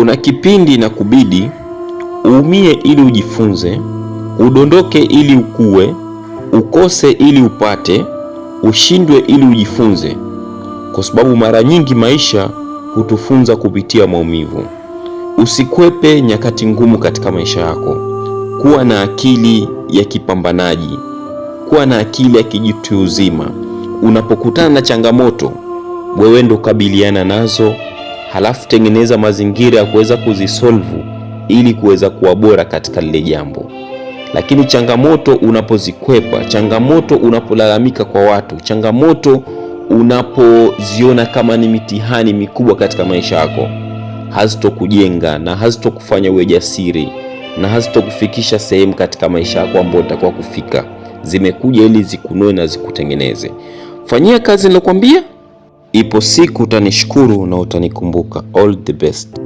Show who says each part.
Speaker 1: kuna kipindi na kubidi uumie ili ujifunze, udondoke ili ukue, ukose ili upate, ushindwe ili ujifunze, kwa sababu mara nyingi maisha hutufunza kupitia maumivu. Usikwepe nyakati ngumu katika maisha yako. Kuwa na akili ya kipambanaji, kuwa na akili ya kijitu uzima. Unapokutana na changamoto, wewe ndo kabiliana nazo halafu tengeneza mazingira ya kuweza kuzisolvu ili kuweza kuwa bora katika lile jambo. Lakini changamoto unapozikwepa, changamoto unapolalamika kwa watu, changamoto unapoziona kama ni mitihani mikubwa katika maisha yako, hazitokujenga na hazitokufanya uwe jasiri na hazitokufikisha sehemu katika maisha yako ambayo utakuwa kufika. Zimekuja ili zikunoe na zikutengeneze. Fanyia kazi nilikwambia. Ipo siku utanishukuru na utanikumbuka. All the best.